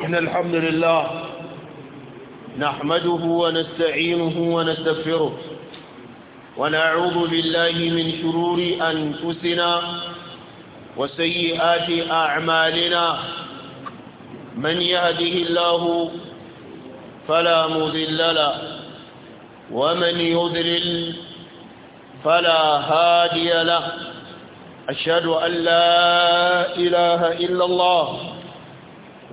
إن الحمد لله نحمده ونستعينه ونستغفره ونعوذ بالله من شرور أنفسنا وسيئات أعمالنا من يهده الله فلا مذل له ومن يذلل فلا هادي له أشهد أن لا إله إلا الله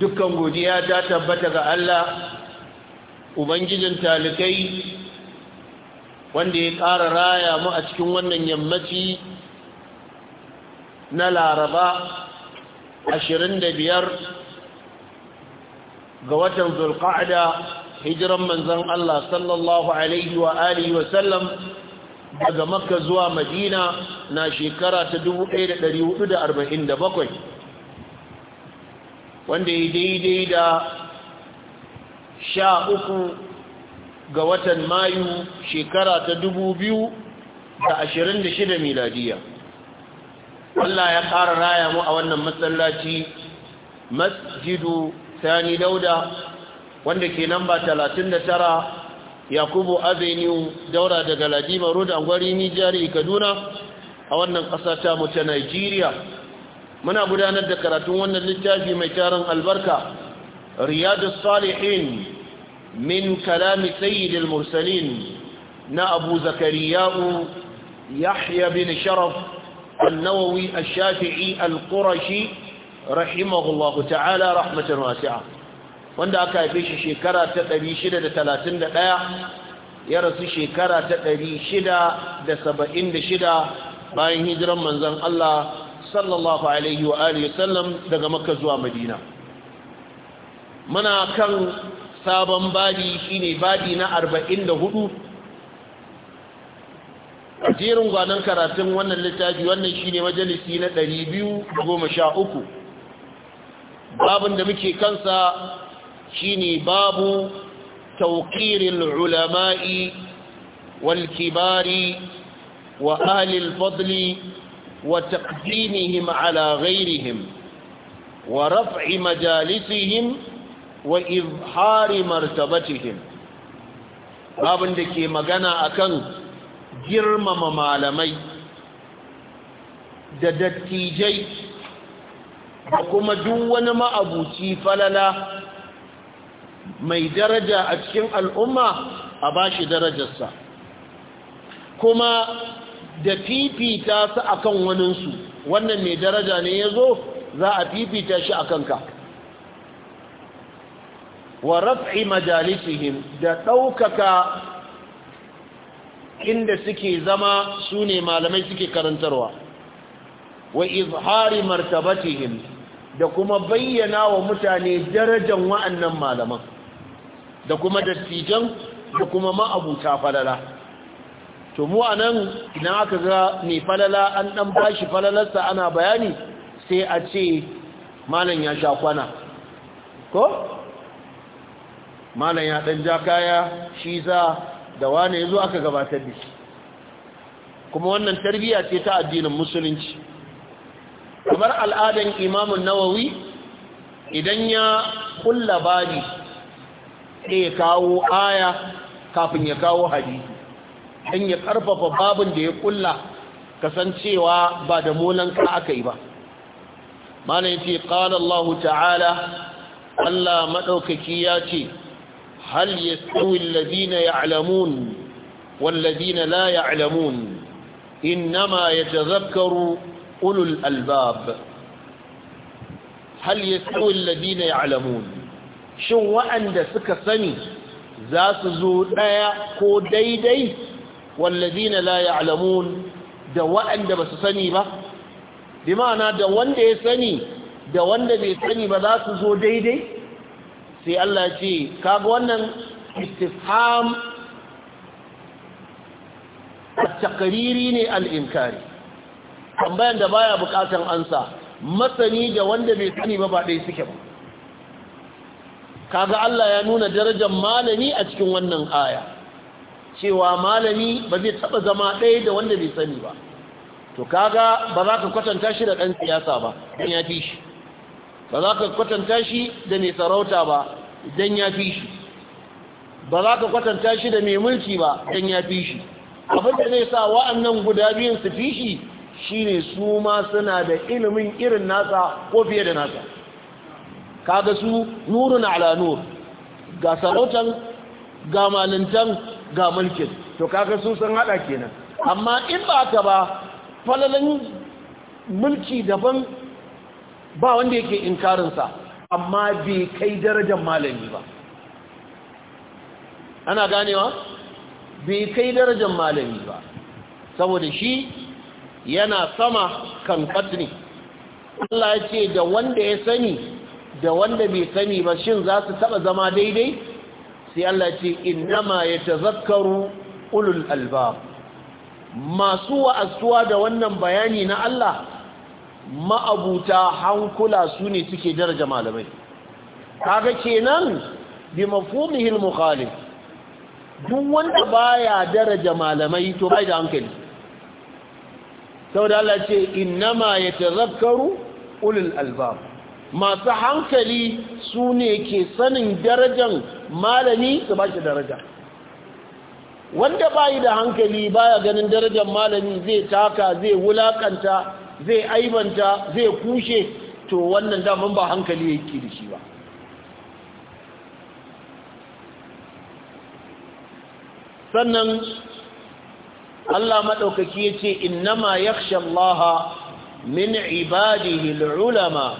dukkan godiya ta tabbata ga Allah ubangijin talikai wanda ya ƙara raya mu a cikin wannan yammaci na laraba 25 ga watan zulqa'da hijiran manzon Allah sallallahu alaihi wa alihi wa sallam daga makka zuwa madina na shekara ta 1447 wanda ya daidai da sha uku ga watan mayu shekara ta dubu biyu da ashirin da shida miladiya Allah ya ƙara raya mu a wannan matsalaci masjidu sani dauda wanda ke lamba talatin da tara yakubu avenue daura daga ladima road angwari nijari kaduna a wannan ƙasa ta mu ta Najeriya. muna gudanar da karatun wannan littafi mai tarin albarka riyadus salihin min kalami sayyidil mursalin na abu zakariya'u yahya bin sharaf annawawi ashafi'i القرشي رحمه ta'ala تعالى رحمة wanda aka haife shi shekara ta 631 ya rasu shekara ta 676 bayan hijiran manzon Allah sallallahu alaihi wa alihi sallam daga makka zuwa madina muna kan sabon badi shine badi na 44 a jerin gwanon karatun wannan littafi wannan shine majalisi na 213 babun da muke kansa shine babu tauƙirin ulama'i والكبار وأهل الفضل وتقديمهم على غيرهم ورفع مجالسهم وإظهار مرتبتهم babin da ke magana akan girmama malamai da dattijai da kuma duk wani ma'abuci falala mai daraja a cikin al'umma a bashi darajarsa kuma da fifita su akan waninsu wannan mai daraja ne ya zo za a fifita shi a kanka wa raf'i majalisihim da ɗaukaka inda suke zama su ne malamai suke karantarwa wa izhari martabatihim da kuma bayyana wa mutane darajan wa'annan malaman da kuma dattijan da kuma ma'abuta falala to mu anan idan aka ga mai falala an ɗan bashi falalarsa ana bayani sai a ce malam ya sha kwana ko? malam ya ɗan ja kaya shi za da wane yazo zo aka gabatar da shi kuma wannan tarbiyya ce ta addinin musulunci kamar al'adan imamun nawawi idan ya kulla bani sai ya kawo aya kafin ya kawo hadisi In ya karfafa babin da ya kulla kasancewa ba da molanka aka yi ba mana ya ce ƙala ta'ala Allah maɗaukaki ya ce hal ya tsawin lazina ya alamun wallazina la ya alamun innama ya tazakaru ulul albab hal ya tsawin lazina ya alamun shin wa'anda suka sani za su zo ɗaya ko daidai wallazina la ya'lamun da waɗanda ba su sani ba bi ma'ana da wanda ya sani da wanda bai sani ba za su zo daidai sai Allah ce kaga wannan istifham at-taqriri ne al-inkari tambayan da baya bukatan ansa masani da wanda bai sani ba ba dai suke ba kaga Allah ya nuna darajar malami a cikin wannan aya cewa malami ba zai taba zama ɗaya da wanda bai sani ba to kaga ba za ka kwatanta shi da ɗan siyasa ba don ya fi shi ba za ka kwatanta shi da mai sarauta ba don ya fi shi ba za ka kwatanta shi da mai mulki ba don ya fi shi abin da zai sa wa'annan guda biyun su fi shi shine su ma suna da ilimin irin nasa ko fiye da nasa kaga su nurun ala nur ga sarautan ga malintan ga mulkin to kaga su sun hada kenan amma in ba ta ba falalan mulki daban ba wanda yake inkarinsa amma bai kai darajar malami ba ana ganewa bai kai darajar malami ba saboda shi yana sama kan katni Allah ya ce da wanda ya sani da wanda bai sani ba shin za su taba zama daidai sai Allah ce ya yatazakkaru ulul albab masu wa'azuwa da wannan bayani na Allah ma'abuta hankula su ne suke daraja malamai kaga kenan bi mafhumihi al-mukhalif duk wanda baya daraja malamai to bai da hankali saboda Allah ce ya yatazakkaru ulul albab masu hankali su ne ke sanin darajan malami su ba shi daraja wanda bayi da hankali baya ganin darajar malami zai taka zai wulakanta zai aibanta zai kushe to wannan daman ba hankali ya da shi ba sannan Allah maɗaukaki ya ce ma yakhsha Allah min ibadihi ulama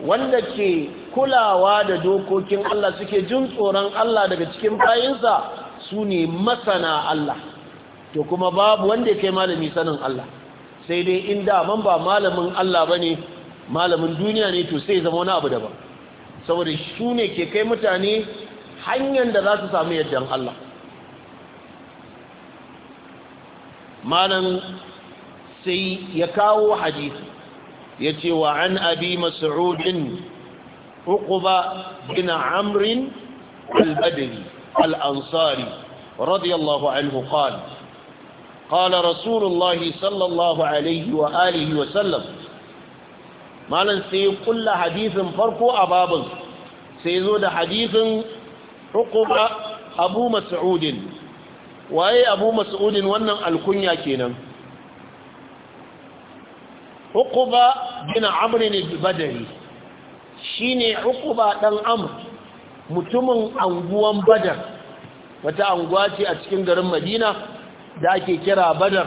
wanda ke kulawa da dokokin Allah suke jin tsoron Allah daga cikin bayinsa su ne masana Allah to kuma babu wanda ya kai malami sanin Allah sai dai in man ba malamin Allah ba ne malamin duniya ne to sai zama wani abu daban saboda su ne ke kai mutane hanyar da za su samu yadda Allah malam sai ya kawo hadisi ya ce wa an abi mas'udin عقبة بن عمرو البدري الأنصاري رضي الله عنه قال قال رسول الله صلى الله عليه وآله وسلم مالا سيقول حديث فرقو أبابا سيزود حديث عقبة أبو مسعود وأي أبو مسعود ونن الكنيا كينا عقبة بن عمرو البدري Shi ne ukuba ɗan amr mutumin anguwan badar wata anguwa ce a cikin garin madina da ake kira badar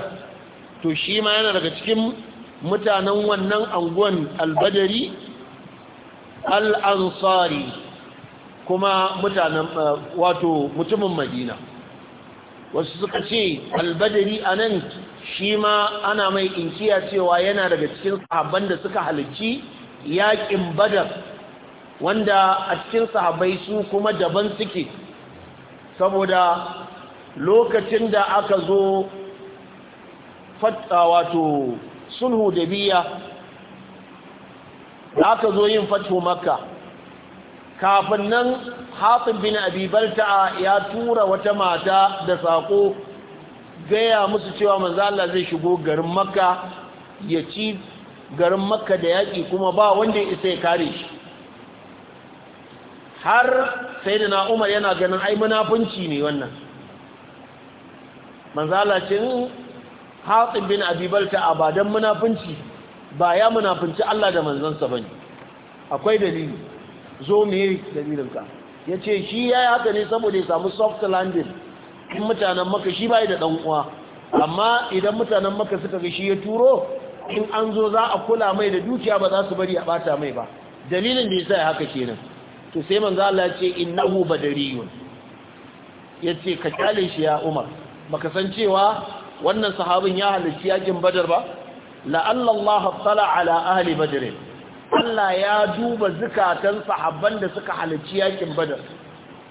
to shi ma yana daga cikin mutanen wannan anguwan albadari al'ansari kuma mutanen eh, wato mutumin madina wasu suka ce albadari a nan shi ma ana mai inciya cewa yana daga cikin sahabban da suka halarci yaƙin badar wanda a cikin sahabbai su kuma daban suke saboda lokacin da aka zo wato sulhu da biya aka zo yin fatu makka kafin nan hafin bin abibalta ya tura wata mata da saƙo gaya musu cewa manzala zai shigo garin makka ya ci garin makka da yaƙi kuma ba wanda isa ya kare shi har sai na Umar yana ganin ai munafunci ne wannan manzala ce hmm, bin bin a ba don munafunci ba ya munafunci Allah da manzansa ne, akwai dalili zo me dalilinka Ya ce shi ya yi haka ne saboda ya samu soft landing in mutanen maka shi bai da dan uwa amma idan mutanen maka suka ga shi ya turo in an zo za a kula mai da dukiya ba za su bari a bata mai ba dalilin da ya haka kenan to sai manzo Allah ya ce innahu badariyun yace ka kyale shi ya Umar baka san cewa wannan sahabin ya halarci yakin Badar ba la'alla Allah tala ala ahli Badr Allah ya duba zakatan sahabban da suka halarci yakin Badar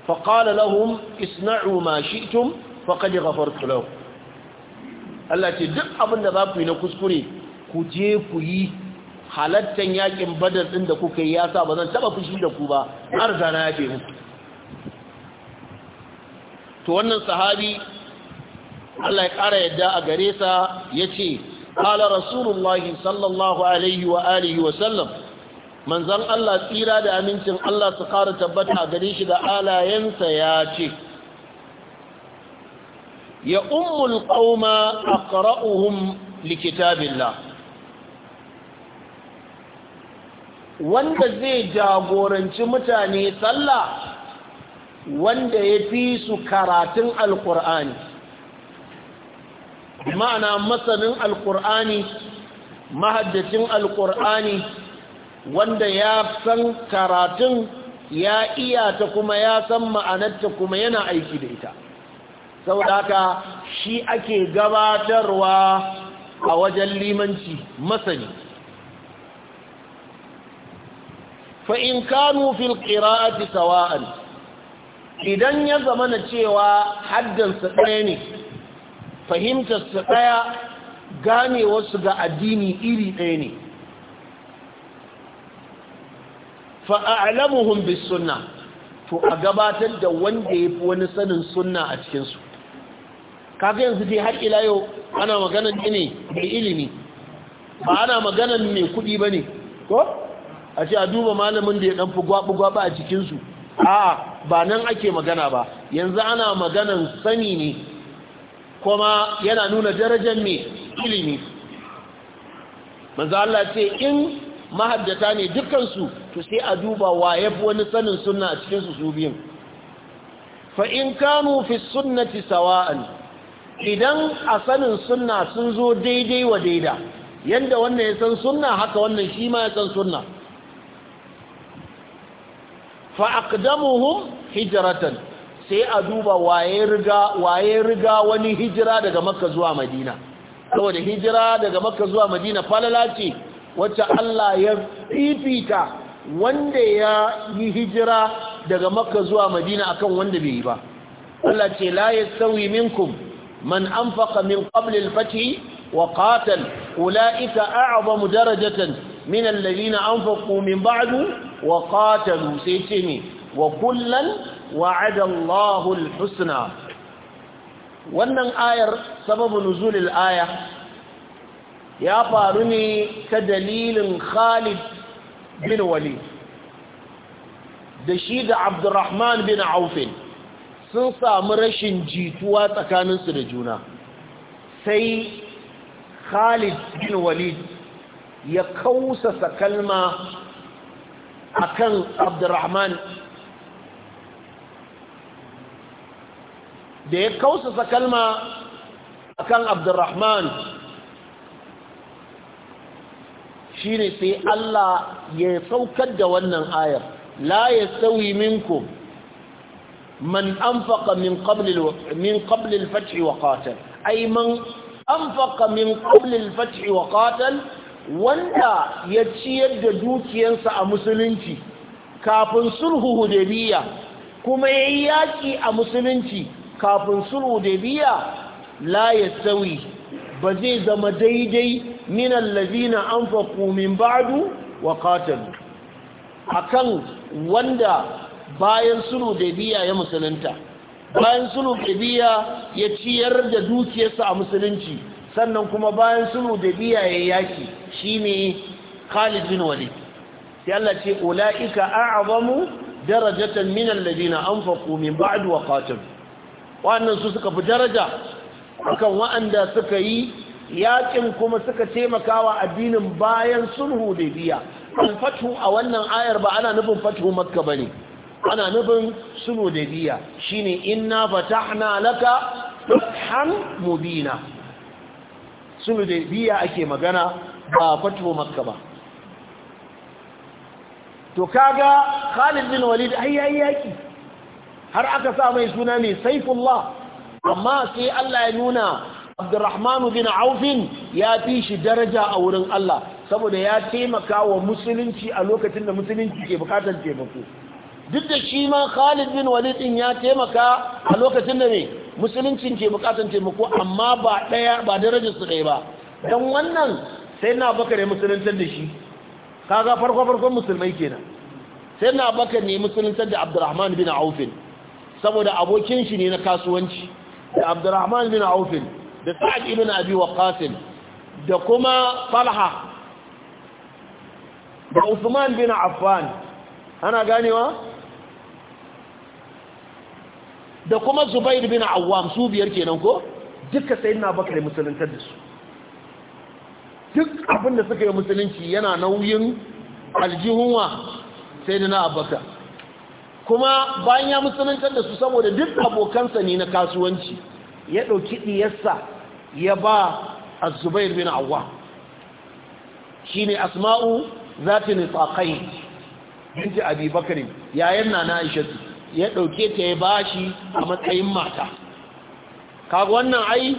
fa qala lahum isna'u ma shi'tum faqad ghafartu lahum Allah ce duk abin da za ku yi na kuskure ku je ku yi halattan yakin badar din da kuka yi ya sa ba zan taba fushi da ku ba har zana ya ce muku to wannan sahabi Allah ya ƙara yadda a gare sa ya ce ƙala rasulullahi sallallahu alaihi wa alihi wa sallam manzan Allah tsira da amincin Allah su ƙara tabbata gare shi da alayensa ya ce ya ummul ƙauma a ƙara'uhun likitabillah wanda zai jagoranci mutane sallah wanda ya fi su karatun alkur'ani ma'ana masanin alkur'ani mahaddacin alkur'ani wanda ya san karatun ya iya ta kuma ya san ma'anarta kuma yana aiki da ita sau haka shi ake gabatarwa a wajen limanci masani fa'in kanu fil ƙira'ati sawa'an idan ya zama na cewa haddansa ɗaya ne fahimtarsa ɗaya gane wasu ga addini iri ɗaya ne fa'alamuhun bis sunna to a gabatar da wanda ya fi wani sanin sunna a cikinsu kaga yanzu dai har ila yau ana maganan ne mai ilimi ba ana maganan mai kuɗi ba ne ko? a ce a duba malamin da ya ɗanfi gwaɓi-gwaɓi a cikinsu a ba nan ake magana ba yanzu ana maganan sani ne kuma yana nuna darajar mai ilimi manzo Allah ce in mahaddata ne dukansu to sai a duba waye wani sanin sunna a cikinsu su biyun fa in kanu fi sunnati sawa'an idan a sanin sunna sun zo daidai wa daida yadda wannan ya san sunna haka wannan shi ma ya san sunna fa'aqdamuhum hijratan sai a duba waye riga waye riga wani hijira daga makka zuwa madina saboda hijira daga makka zuwa madina falala ce wacce Allah ya fifita wanda ya yi hijira daga makka zuwa madina akan wanda bai yi ba Allah ce la yastawi minkum man anfaqa min qabl al-fath wa qatal ulaika a'zamu darajatan min alladhina anfaqu min ba'du wa qatalu sai ce ne wa kullan wa'ada wannan ayar sababu nuzulil aya ya faru ne ta dalilin Khalid bin Walid da shi da Abdurrahman bin Aufin sun samu rashin jituwa tsakaninsu da juna sai Khalid bin Walid ya kausasa kalma akan abdurrahman da ya kausasa kalma akan abdurrahman shi ne sai Allah ya saukar da wannan ayar la ya sauyi minku man anfaqa min qabli al-fath wa qatal ay man anfaqa min qabli al-fath wa qatal wanda ya ciyar da dukiyarsa a musulunci kafin sulhu hudabiya kuma ya yi yaƙi a musulunci kafin sulhu hudabiya la ya tsawi ba zai zama daidai minan lazina an min ba'adu wa katalu a kan wanda bayan sulhu hudabiya ya musulunta bayan sulhu hudabiya ya ciyar da dukiyarsa a musulunci sannan kuma bayan sulhu da biya ya yaki shine Khalid bin Walid sai Allah ce ulaika a'zamu darajatan min alladhina anfaqu min ba'd wa qatil wannan su suka fi daraja akan wa'anda suka yi yakin kuma suka taimakawa addinin bayan sulhu da biya al a wannan ayar ba ana nufin fathu makka bane ana nufin sulhu da biya shine inna fatahna laka fathan mubina sulhu biya ake magana ba fatuwa makka ba to kaga Khalid bin Walid ai yayi yaki har aka sa mai suna ne Saifullah amma sai Allah ya nuna Abdurrahman bin Auf ya fi shi daraja a wurin Allah saboda ya taimaka wa musulunci a lokacin da musulunci ke bukatar taimako duk da shi ma Khalid bin Walid ya taimaka a lokacin da ne musuluncin ke bukatan taimako amma ba daya ba darajar su ɗaya ba don wannan sai na ne musuluntar da shi kaga farko farkon musulmai kenan sai na bakar ne musuluntar da Abdurrahman bin aufin saboda abokin shi ne na kasuwanci da Abdurrahman bin aufin da Sa'ad ibn Abi Waqqas da kuma Falha da Usman bin Affan ana ganewa da kuma zubair bin awam su biyar kenan ko duka sayyidina bakar musuluntar da su duk abin da suka yi musulunci yana nauyin aljihunwa sai na abubakar kuma bayan ya musuluntar da su saboda duk abokansa ne na kasuwanci ya ɗauki ɗiyarsa ya ba a zubair bin Shi ne asma'u zata ne binti abi bakr yayin na aisha ya ɗauke ta ya ba shi a matsayin mata kaga wannan ai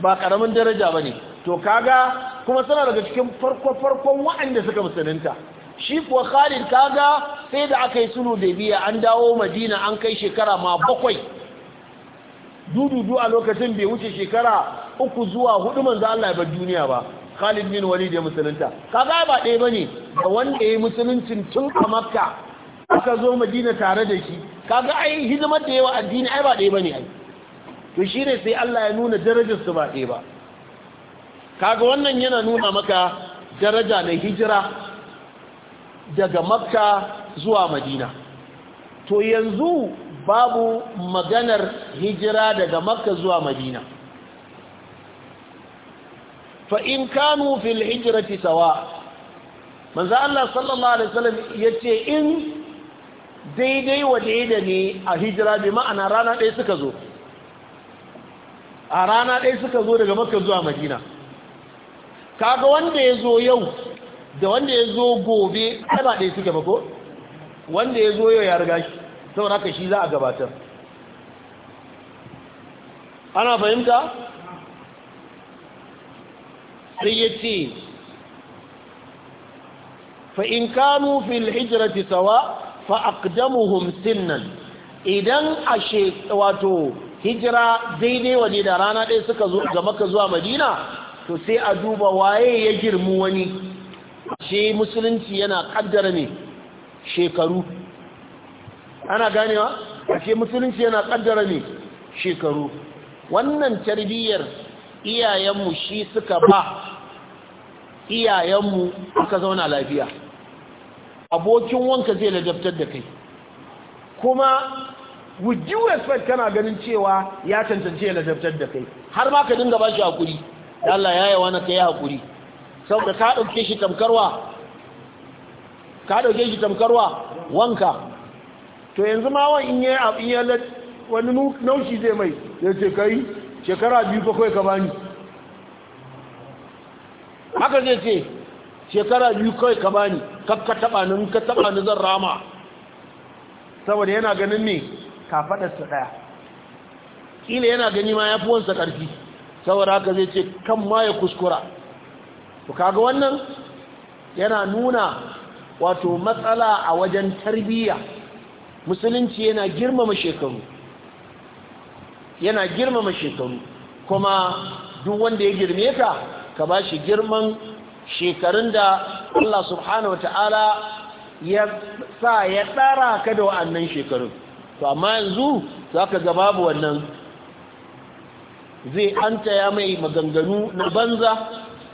ba ƙaramin daraja ba ne to kaga kuma suna daga cikin farko-farkon waɗanda suka musulunta shi kuwa khalid kaga sai da aka yi sulhu da biya an dawo madina an kai shekara ma bakwai dududu a lokacin bai wuce shekara uku zuwa hudu manzo Allah ya bar duniya ba Khalid bin Walid ya musulunta kaga ba ɗaya bane da wanda ya musuluncin tun a Makka aka zo madina tare da shi kaga ai hidimar da yawa addini ai ba ɗaya bane ai to shine sai Allah ya nuna darajar su ba ɗaya ba kaga wannan yana nuna maka daraja na hijira daga makka zuwa madina to yanzu babu maganar hijira daga makka zuwa madina fa in kanu fil hijrati sawa manzo Allah sallallahu alaihi wasallam yace in daidai wa da ne a hijira bi ma'ana rana ɗaya suka zo a rana ɗaya suka zo daga maka zuwa madina kaga wanda ya zo yau da wanda ya zo gobe ba ɗaya suke ba wanda ya zo yau ya riga shi saboda haka shi za a gabatar ana fahimta sai ya ce fa in kanu fil hijrati sawa' فأقدمهم سنا a she wato hijira daidai wani da rana ɗaya suka zo ga maka zuwa madina to sai a duba waye ya girmu wani shi musulunci yana kaddara ne shekaru ana ganewa she musulunci yana kaddara ne shekaru wannan tarbiyyar iyayenmu shi suka ba iyayenmu aka zauna lafiya abokin wanka zai ladabtar da kai kuma with due respect kana ganin cewa ya tantance ya ladabtar da kai har ma ka dinga bashi hakuri Allah ya yawa na kai hakuri saboda ka dauke shi tamkarwa ka dauke shi tamkarwa wanka to yanzu ma wan in yayi abin ya wani naushi zai mai ce kai shekara biyu fa kai ka bani haka zai ce shekara biyu kai ka bani kakka taba ni ka taba ni zan rama saboda yana ganin ne su daya kila yana gani ma ya fi wansa karfi saboda haka zai ce kan ma ya kuskura to kaga wannan yana nuna wato matsala a wajen tarbiyya musulunci yana girmama shekaru yana girmama shekaru kuma duk wanda ya girme ka ka ba shi girman shekarun da Allah subhanahu wata'ala ya sa ya tsara ka da wa'annan shekaru to amma yanzu za ka ga babu wannan zai an taya mai maganganu na banza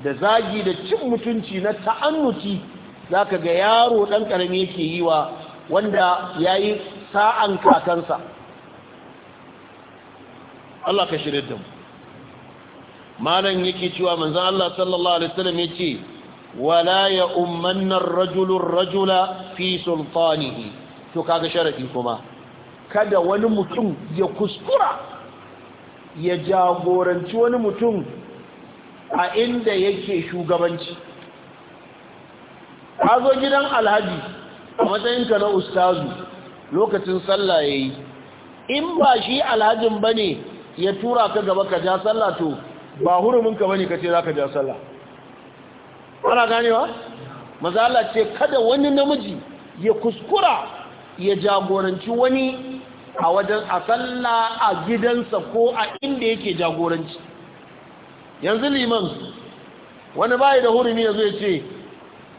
da zagi da cin mutunci na ta'annuti za ka ga yaro ɗan ƙarami yake yi wa wanda ya yi sa'an kakansa Allah ka shirin da mu malan yake cewa manzan Allah sallallahu Alaihi wasallam ya ce ولا يؤمن الرجل الرجل في سلطانه to kaga sharafi kuma kada wani mutum ya kuskura ya jagoranci wani mutum a inda yake shugabanci ka zo gidan alhaji a matsayinka na ustazu lokacin sallah yayi in ba shi alhajin bane ya tura ka gaba ka ja sallah to ba hurumin ka bane kace zaka ja sallah ana ganewa mazala ce kada wani namiji ya kuskura ya jagoranci wani a wajen a sallah a gidansa ko a inda yake jagoranci yanzu liman wani bayi da hurumi ya zo ya ce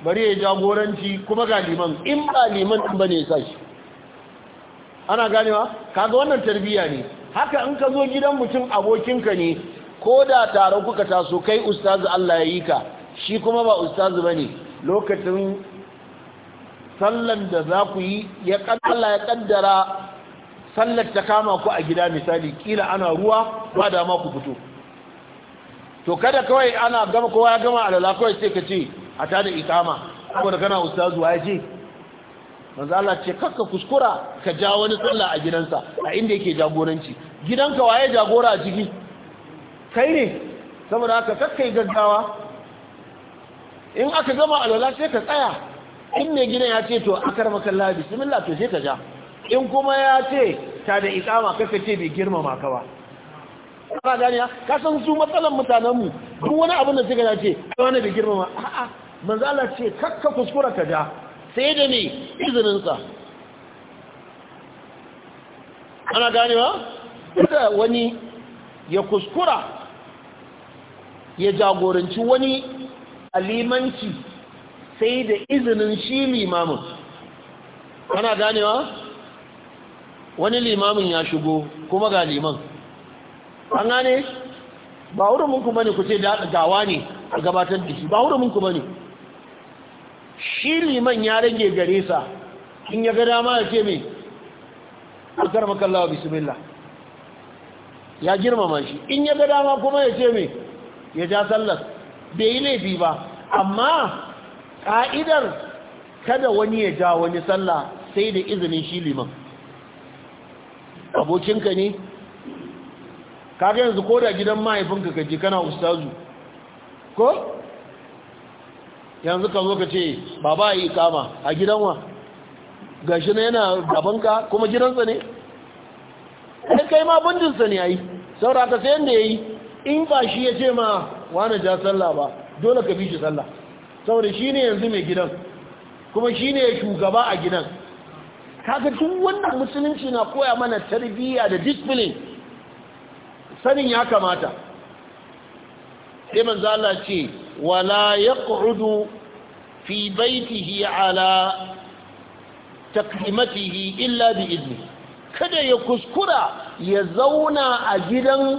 bari ya jagoranci kuma ga liman in ba liman ɗin ba ne ya ana ganewa kaga wannan tarbiyya ne haka in ka zo gidan mutum abokinka ne ko da tare kuka taso kai ustazu Allah ya yi ka shi kuma ba ustazu bane lokacin sallan da za ku yi ya ya kaddara sallar ta kama ku a gida misali kila ana ruwa ba da ma ku fito to kada kawai ana gama kowa ya gama alala kawai sai ka ce a ta da ikama saboda kana ustazu ya ce manzo Allah ce kakka kuskura ka ja wani sallah a gidansa a inda yake jagoranci gidanka waye jagora a ciki kai ne saboda haka kakkai gaggawa in aka gama alwala sai ka tsaya in mai gina ya ce to a akar makalla bismillah to sai ka ja in kuma ya ce ta da ikama kaka ce bai girmama ka ba ba ganiya ka san su matsalan mutanenmu duk wani abin da suka dace wani bai girmama a'a manzo Allah ce kakka kuskura ka ja sai da ne izinin sa ana ganewa da wani ya kuskura ya jagoranci wani a limanci sai da izinin shi limamin kana ganewa wani limamin ya shigo kuma ga liman an gane ba huruminku bane ku ce gawa ne a gabatar da shi ba huruminku bane shi liman ya rage gare sa in ya ga dama ya ce mai akar makallawa bismillah ya girmama shi in ya ga dama kuma ya ce mai ya ja sallar bai yi laifi ba amma ƙa'idar kada wani ya ja wani sallah sai da izinin shi liman abokinka ne kaga yanzu ko da gidan mahaifinka kaji kana ustazu ko yanzu ka zo ka ce baba yi kama a gidanwa gashi na yana gabanka kuma gidansa ne kai kai ma bunjinsa ne ya yi ka sayan da yi. in ba shi ya ce ma na ja sallah ba dole ka bi shi sallah saboda shi ne yanzu mai gidan kuma shi ne shugaba a gidan kaga tun wannan musulunci na koya mana tarbiyya da discipline sanin ya kamata sai manzo Allah ce wala yaq'udu fi baitihi ala taklimatihi illa bi idni kada ya kuskura ya zauna a gidan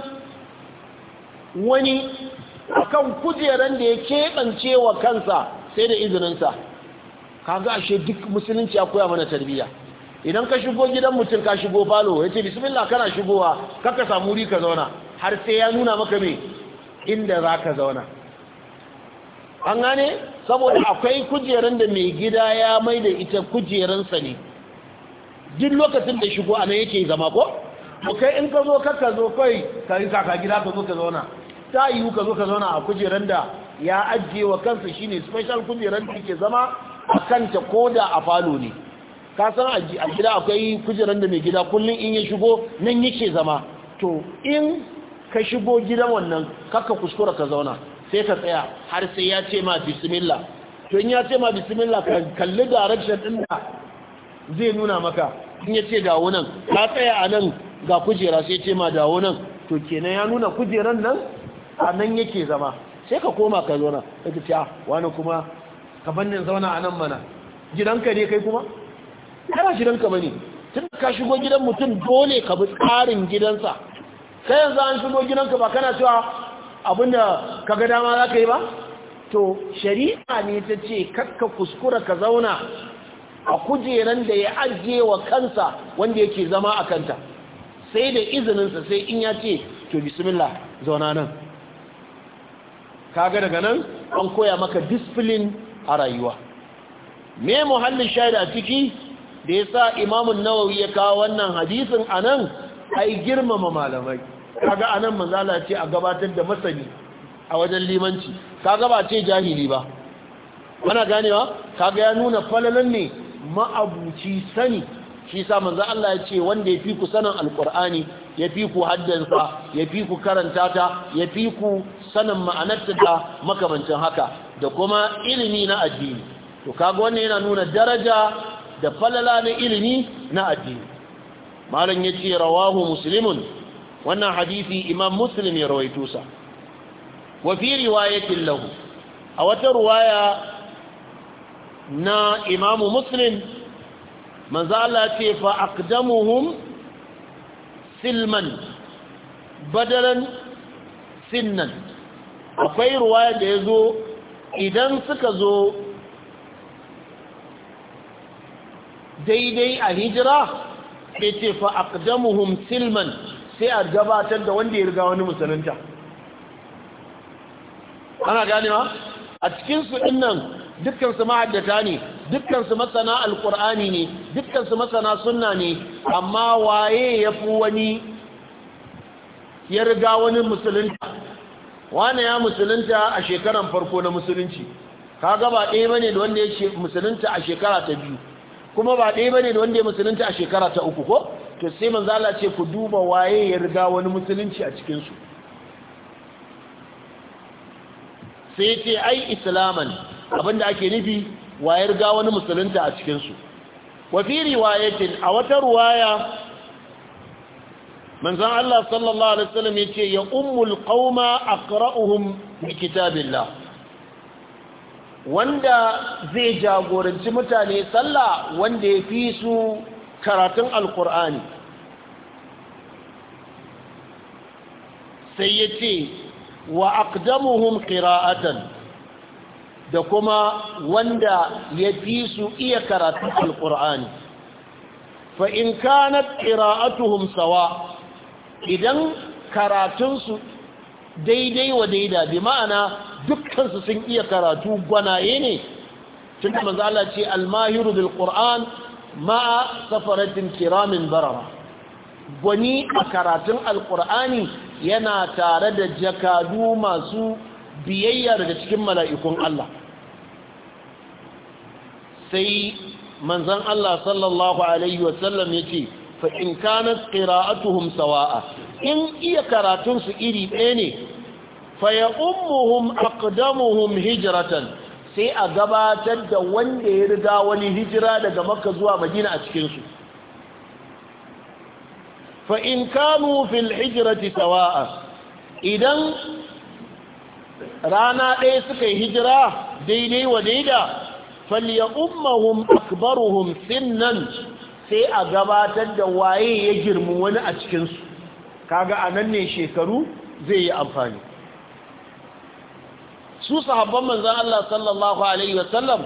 wani akan kujeran da ya keɓance wa kansa sai da izininsa kaga ashe duk musulunci ya koya mana tarbiyya idan ka shigo gidan mutum ka shigo falo ya ce bismillah kana shigowa kaka samu ri ka zauna har sai ya nuna maka me inda za ka zauna an gane saboda akwai kujeran da mai gida ya mai da ita kujeransa ne duk lokacin da shigo a nan yake zama ko kai in ka zo kaka zo kai ka yi kaka gida ka zo ka zauna ta yiwu ka zo ka zauna a kujeran da ya ajiye wa kansa shine special kujerar da ke zama a kanta ko da a falo ne ka san a gida akwai kujeran da mai gida kullum in ya shigo nan yake zama to in ka shigo gidan wannan kaka kuskura ka zauna sai ka tsaya har sai ya ce ma bismillah to in ya ce ma bismillah ka kalli direction din da zai nuna maka in ya ce dawo nan ka tsaya a nan ga kujera sai ce ma dawo nan to kenan ya nuna kujeran nan a nan yake zama sai ka koma ka zo nan sai ka ce wani kuma ka bannin zauna a nan mana gidanka ne kai kuma kana gidanka bane tun ka shigo gidan mutum dole ka bi tsarin gidansa sai yanzu an shigo gidanka ba kana cewa abinda ka ga dama za ka yi ba to shari'a ne ta ce kakka kuskura ka zauna a kujeran da ya ajiye wa kansa wanda yake zama a kanta sai da izininsa sai in ya ce to bismillah zauna nan kaga daga nan an koya maka discipline a rayuwa me muhallin shaida a ciki da ya sa imamun nawawi ya kawo wannan hadisin a nan a yi girmama malamai kaga a nan manzala ce a gabatar da masani a wajen limanci kaga ba ce jahili ba wana ganewa kaga ya nuna falalan ne ma'abuci sani shi sa manzo Allah ya ce wanda ya fi ku sanin alkur'ani ya fi ku haddansa ya fi ku karanta ta ya fi ku sanin ma'anarta da makamancin haka da kuma ilimi na addini to kaga wannan yana nuna daraja da falala na ilimi na addini malam yace rawahu muslimun wannan hadisi imam muslim ya rawaito sa wa fi riwayatin lahu a wata riwaya na imamu muslim manzo Allah ce fa aqdamuhum silman badalan sinnan akwai ruwa da ya zo idan suka zo daidai a hijira ya ce fa silman sai a gabatar da wanda ya riga wani musulunta ana ganewa a cikinsu innan dukkan su ma'addata ne dukkansu masana alkur'ani ne dukkansu masana sunna ne amma waye ya fi wani ya riga wani musulunta wane ya musulunta a shekaran farko na musulunci ka ba ɗaya bane da wanda ya musulunta a shekara ta biyu kuma ba ɗaya bane da wanda ya musulunta a shekara ta uku ko to sai manzala ce ku duba waye ya riga wani musulunci a cikinsu sai ce ai islaman abinda ake nufi wayar ga wani musulunta a cikinsu wafi riwayatin a wata ruwaya manzan Allah sallallahu Alaihi wasallam ya ce ya ummul qauma aqra'uhum bi wanda zai jagoranci mutane sallah wanda ya fi su karatun Alƙur'ani. sai ya ce wa aqdamuhum qira'atan da kuma wanda ya fi su iya karatu alƙur'ani fa in kanat qira'atuhum sawa idan karatunsu daidai wa daida bi ma'ana dukkansu sun iya karatu gwanaye ne tun da manzo Allah ce al-mahiru bil qur'an ma'a safaratin kiramin barara gwani a karatun alƙur'ani yana tare da jakadu masu biyayya daga cikin mala'ikun Allah sai manzan Allah sallallahu alaihi wasallam ya ce fa in kanat sawa'a in iya karatunsu iri ɗaya ne faya ya ummuhum aqdamuhum sai a gabatar da wanda ya riga wani hijira daga makka zuwa madina a cikin su fa in kanu fil hijirati sawa'a idan rana ɗaya suka yi hijira daidai wa daida falyaqummahum akbaruhum sinnan sai a gabatar da waye ya girmi wani a cikin su kaga anan ne shekaru zai yi amfani su sahabban manzon Allah sallallahu alaihi wasallam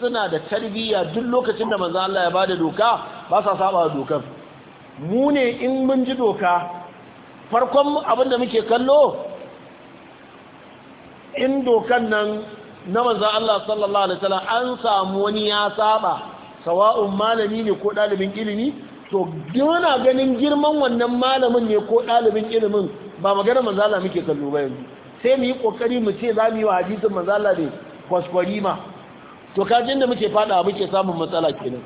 suna da tarbiyya duk lokacin da manzon Allah ya bada doka ba sa saba dokar mu ne in mun ji doka farkon abinda muke kallo in dokan nan na manzan Allah sallallahu alaihi wasallam an samu wani ya saba sawa'un malami ne ko ɗalibin ilimi to gina ganin girman wannan malamin ne ko ɗalibin ilimin ba magana manzan Allah muke kallo ba yanzu sai mu yi ƙoƙari mu ce za mu yi wa hadisin manzan Allah ne kwaskwarima to kajin da muke fada muke samun matsala kenan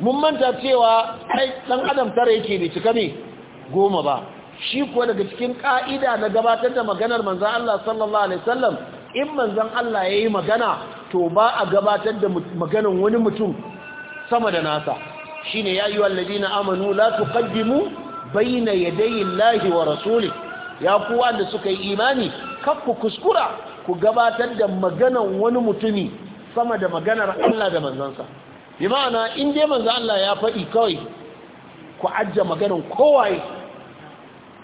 mun manta cewa ai dan adam tara yake bai cika ne goma ba shi kuwa daga cikin ƙa'ida na gabatar da maganar manzan Allah sallallahu alaihi wasallam in manzan Allah ya yi magana to ba a gabatar da maganan wani mutum sama da nasa Shi ne ya ayyuhal ladina amanu la tuqaddimu na Yadayin lahi wa rasuli ya kuwa da suka yi imani ku kuskura ku gabatar da maganan wani mutumi sama da maganar Allah da manzansa bi ma'ana in dai Allah ya faɗi kawai ku ajja maganan kowaye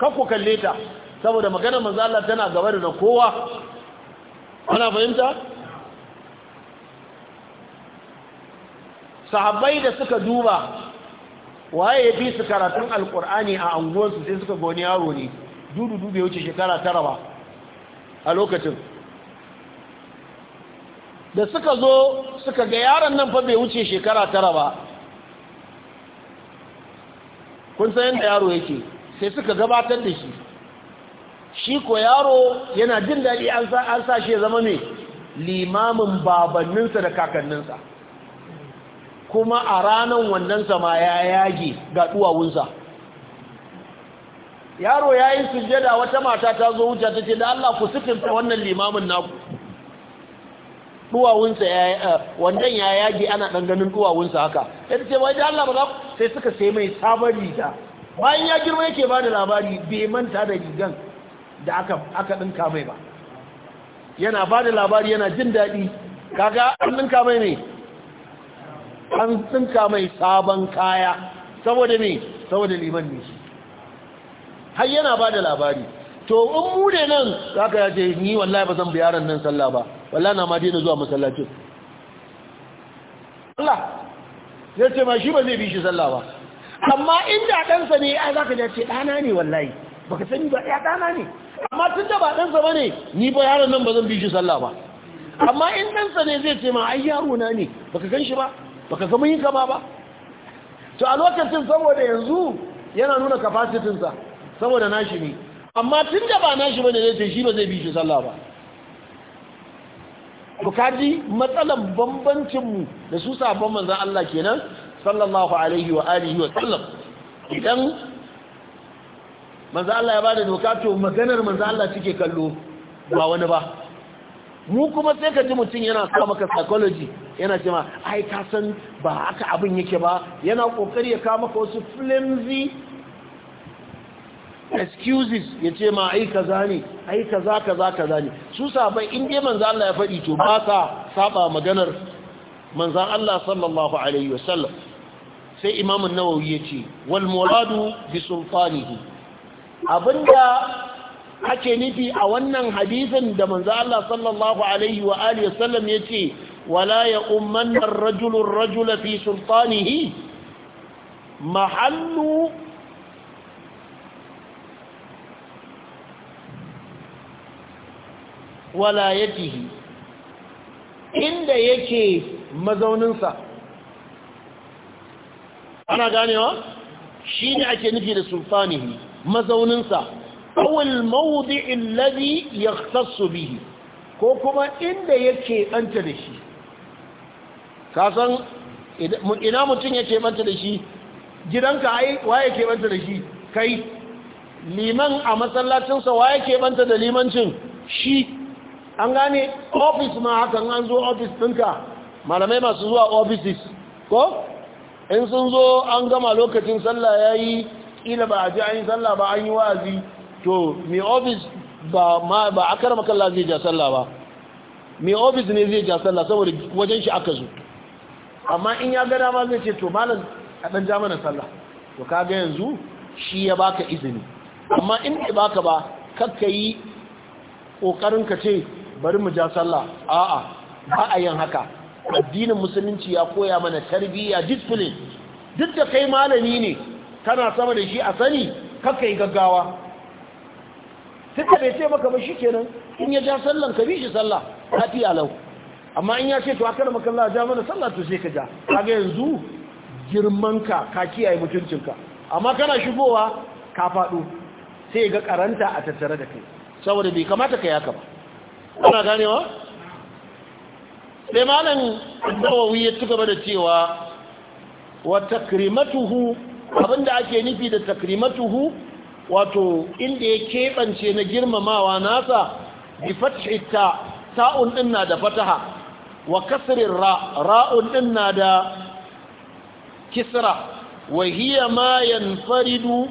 kafa kalle ta saboda maganar manzan Allah tana gaba da kowa ana fahimta sahabbai da suka duba waye ya fi su karatun alkur'ani a anguwarsu sai suka goni yaro ne dudu ya wuce shekara tara ba a lokacin da suka zo suka ga yaron nan fa bai wuce shekara tara ba kun san yadda yaro yake sai suka gabatar da shi shi ko yaro yana jin daɗi an sa shi ya zama mai limamin babanninsa da kakanninsa kuma a ranar wannan sama ya yage ga duwawunsa yaro ya yi sujjada wata mata ta zo wuce ta ce da Allah ku sifinta wannan limamin naku duwawunsa ya eh, wannan ya yage ana ɗanganin duwawunsa haka ya ce wai da Allah ba za sai suka sai mai sabon riga bayan ya girma yake ba da labari bai manta da rigan da aka aka dinka mai ba yana ba da labari yana jin daɗi kaga an dinka mai ne an dinka mai sabon kaya saboda ne saboda liman ne har yana ba da labari to in mu nan zaka ya ce ni wallahi ba zan biyaran nan sallah ba wallahi na ma daina zuwa masallacin Allah ya ce ma shi ba zai bi shi sallah ba amma inda ɗansa ne ai zaka ya ce ɗana ne wallahi baka sani ba ya ɗana ne amma tun da ba ɗansa ba ne ni ba yaron nan ba zan bi shi sallah ba amma in ɗansa ne zai ce ma ai yaro na ne baka gan shi ba baka ga mun yi kama ba to a lokacin saboda yanzu yana nuna kapasitinsa saboda nashi ne amma tun da ba nashi ba ne zai ce shi ba zai bi shi sallah ba bukaji kaji matsalan mu da su sabon manzon Allah kenan sallallahu alaihi wa alihi wa sallam idan manzo Allah ya bada doka to maganar manzo Allah cike kallo ba wani ba mu kuma sai ka ji mutum yana sa maka psychology yana ce ma ai ka san ba haka abin yake ba yana kokari ya kama maka wasu flimsy excuses ya ce ma ai kaza ne ai kaza kaza kaza ne su sabai in dai manzo Allah ya faɗi to ba sa saba maganar manzo Allah sallallahu alaihi wasallam sai imamu nawawi yace wal muradu bi sultanihi abinda ake nufi a wannan hadisin da manzo Allah sallallahu alaihi wa alihi wasallam yace wala ya ummanna ar-rajulu ar-rajula fi sultanihi mahallu walayatihi inda yake mazauninsa ana ganewa shi ne ake nufi da sultanihi mazauninsa awal mawdi'in ya sassu bihi ko kuma inda yake banta da shi ka ina mutum yake banta da shi gidanka ai waye yake banta da shi kai liman a masallacinsa waye yake banta da limancin shi an gane ofis ma hakan an zo ofis ɗinka malamai masu zuwa offices ko in sun zo an gama lokacin sallah ya yi kila ba a ji an yi sallah ba an yi wa'azi to mai ofis ba ma ba makalla zai ja sallah ba mai ofis ne zai ja sallah saboda wajen shi aka zo amma in ya ga ma zai ce to malam a dan ja sallah to kaga yanzu shi ya baka izini amma in bai baka ba kakka yi kokarin ka ce bari mu ja sallah a'a ba a yin haka addinin musulunci ya koya mana tarbiyya discipline duk da kai malami ne kana sama da shi a sani kakka yi gaggawa Sita bai ce maka ba shi kenan in ya ja sallan ka bi shi sallah lafiya lau amma in ya ce to akar maka Allah ja mana sallah to sai ka ja kaga yanzu girman ka ka kiyaye mutuncinka amma kana shigowa ka faɗo sai ga karanta a tattare da kai saboda bai kamata ka yaka ba kana ganewa sai malam Nawawi ya tuka ba da cewa wa takrimatuhu abinda ake nufi da takrimatuhu wato inda ya keɓance na girmamawa nasa bi fathita ta'un din na da fataha wa kasrin ra ra'un din na da kisra wa hiya ma yanfaridu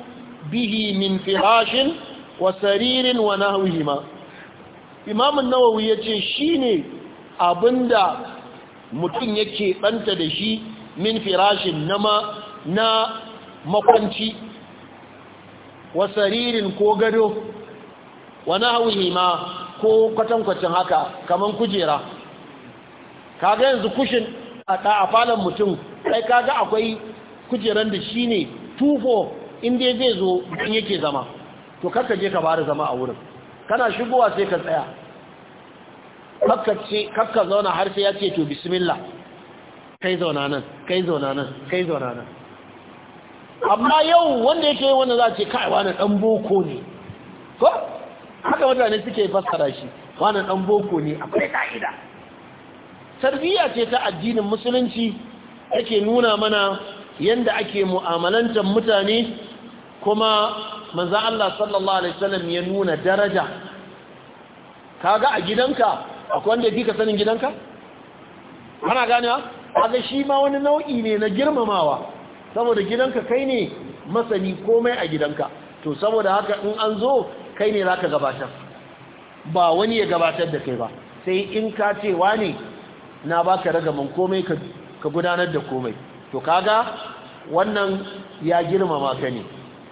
bihi min firashin wa saririn wa nahwihima imam an-nawawi yace shine abinda mutum yake banta da shi min firashin nama na makwanci wa saririn ko gado wani nahwihi ma ko kwatankwacin haka kamar kujera kaga yanzu kushin a falon mutum kai kaga akwai kujeran da shi ne tufo inda zai zo in yake zama to kaka je ka bari zama a wurin kana shigowa sai ka tsaya kakka zauna har sai ya ce to bismillah kai zauna nan kai zauna nan kai zauna nan amma yau wanda yake wanda za a ce kai wani dan boko ne ko haka mutane suke fassara shi wani dan boko ne akwai ka'ida tarbiyya ce ta addinin musulunci yake nuna mana yanda ake mu'amalantar mutane kuma manzo Allah sallallahu alaihi wasallam ya nuna daraja kaga a gidanka akwai wanda yake sanin gidanka kana ganewa kaga shi ma wani nau'i ne na girmamawa saboda gidanka kai ne masani komai a gidanka to saboda haka in an zo kai ne zaka gabatar ba wani ya gabatar da kai ba sai in ka ce ne na baka ragaman komai ka gudanar da komai to kaga wannan ya girmama ka ne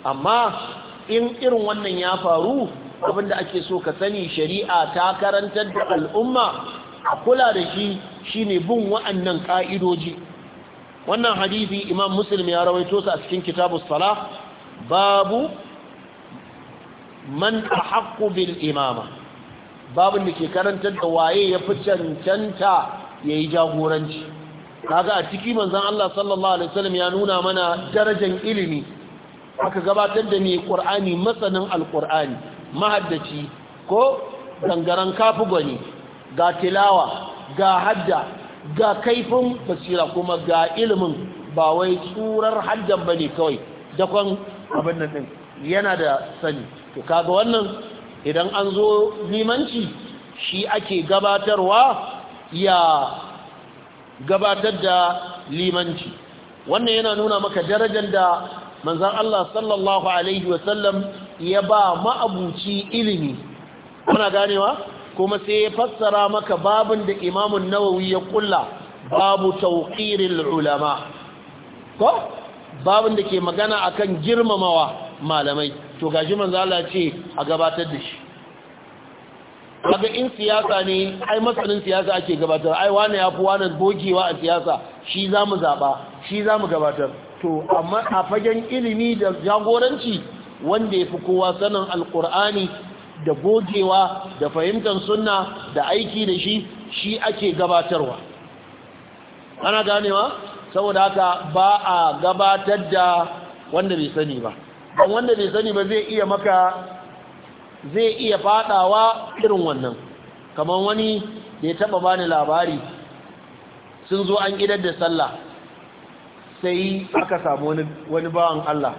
amma in irin wannan ya faru abin abinda ake so ka sani shari'a ta karantar da al'umma a kula da shi shine bin wa'annan ka'idoji wannan hadisi imam muslim ya rawaito su a cikin kitabu salah babu man ahaqqu bil imama Babu da ke karantar da waye ya fi cancanta yayi jagoranci kaga a ciki manzon Allah sallallahu alaihi wasallam ya nuna mana darajar ilimi aka gabatar da ni qur'ani masanin alqur'ani mahaddaci ko dangaren kafugoni, gwani ga tilawa ga hadda ga kaifin basira kuma ga ilimin ba wai tsurar hajjan ba ne kawai dakon abin nan ɗin yana da sani to kaga wannan idan an zo limanci shi ake gabatarwa ya gabatar da limanci wannan yana nuna maka darajar da manzan Allah sallallahu Alaihi wasallam ya ba ma'abuci ilimi kuna ganewa kuma sai ya fassara maka babin da imamun nawawi ya kulla babu tauqiril ulama ko babin da ke magana akan girmamawa malamai to gashi manzo Allah ce a gabatar da shi daga in siyasa ne ai masanin siyasa ake gabatar ai ya yafi wani bogewa a siyasa shi zamu zaba shi zamu gabatar to amma a fagen ilimi da jagoranci wanda yafi kowa sanin alqur'ani da gogewa da fahimtar sunna da aiki da shi shi ake gabatarwa ana ganewa saboda haka ba a gabatar da wanda bai sani ba don wanda bai sani ba zai iya maka zai iya fadawa irin wannan kamar wani da ya taba bani labari sun zo an gidar da sallah sai aka samu wani bawan Allah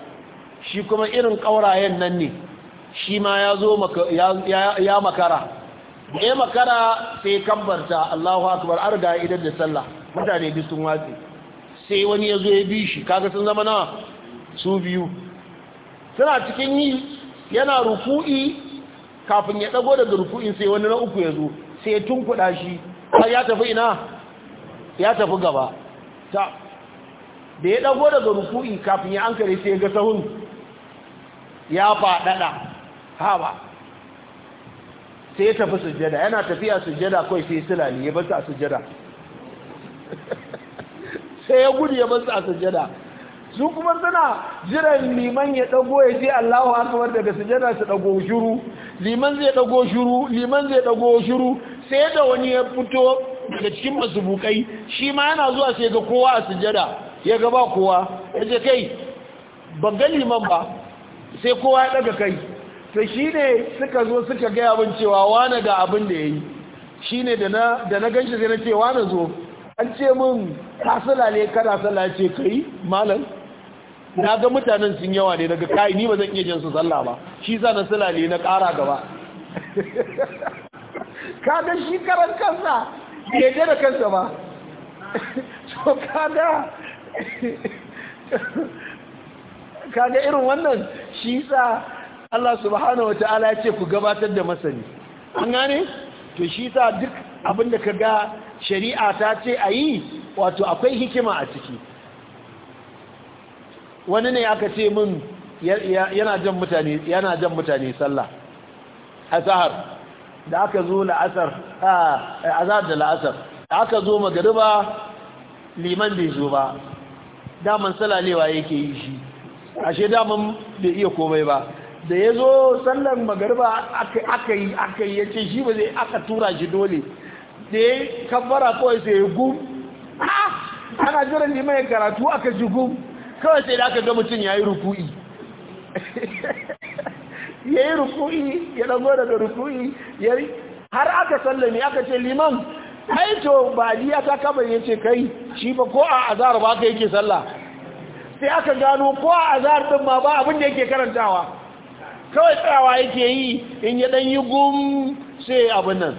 shi kuma irin ƙaurayen nan ne shi ma ya zo ya makara ya makara sai kambarta Allahu akbar an riga idan da sallah mutane bi sun watsi sai wani ya zo ya bi shi kaga sun zama nawa su biyu suna cikin yi yana rufu'i kafin ya dago daga rufu'in sai wani na uku ya zo sai ya tunkuɗa shi har ya tafi ina ya tafi gaba ta da ya dago daga rufu'i kafin ya ankare sai ya ga sahun ya faɗaɗa haba sai ya tafi sujjada yana tafiya sujjada kawai sai silali ya basu a sujjada sai ya gudu ya basu a sujjada su kuma suna jiran liman ya dago ya ce Allahu akbar daga sujjada su dago shiru liman zai dago shiru liman zai dago shiru sai da wani ya fito daga cikin bukai shi ma yana zuwa sai ga kowa a sujjada ya gaba kowa ya ce kai ban ga liman ba sai kowa ya daga kai sai shi ne suka zo suka gaya bin cewa wane ga abin da ya yi shi ne da na ganshi zai na ce wane zo an ce min kasala ne kada sala ce kai malam na ga mutanen sun yawa ne daga kayi ni ba zan iya jinsu sallah ba shi sa na sala ne na kara gaba kada shi karan kansa je da kansa ba so kada kada irin wannan shi sa Allah subhanahu wata'ala ya ce ku gabatar da masani an gane to shi sa duk abinda ka ga shari'a ta ce a yi wato akwai hikima a ciki wani ne aka ce min yana jan mutane yana jan mutane sallah azhar da aka zo la'asar azhar da la'asar da aka zo magariba liman bai zo ba daman salalewa yake yi shi ashe daman bai iya komai ba da ya zo sallar magarba aka yi aka yi ya ce shi ba zai aka tura shi dole da ya kabbara kawai sai gum ana jiran ne mai karatu aka ji gum kawai sai da aka ga mutum ya yi ruku'i ya yi ruku'i ya dago daga ruku'i har aka sallar ne aka ce liman haito ba liya ta kaba ya ce kai shi ba ko a azar ba ka yake sallah sai aka gano ko a azar din ma ba abin da yake karantawa kawai tsawa yake yi in ya dan yi gum sai abin nan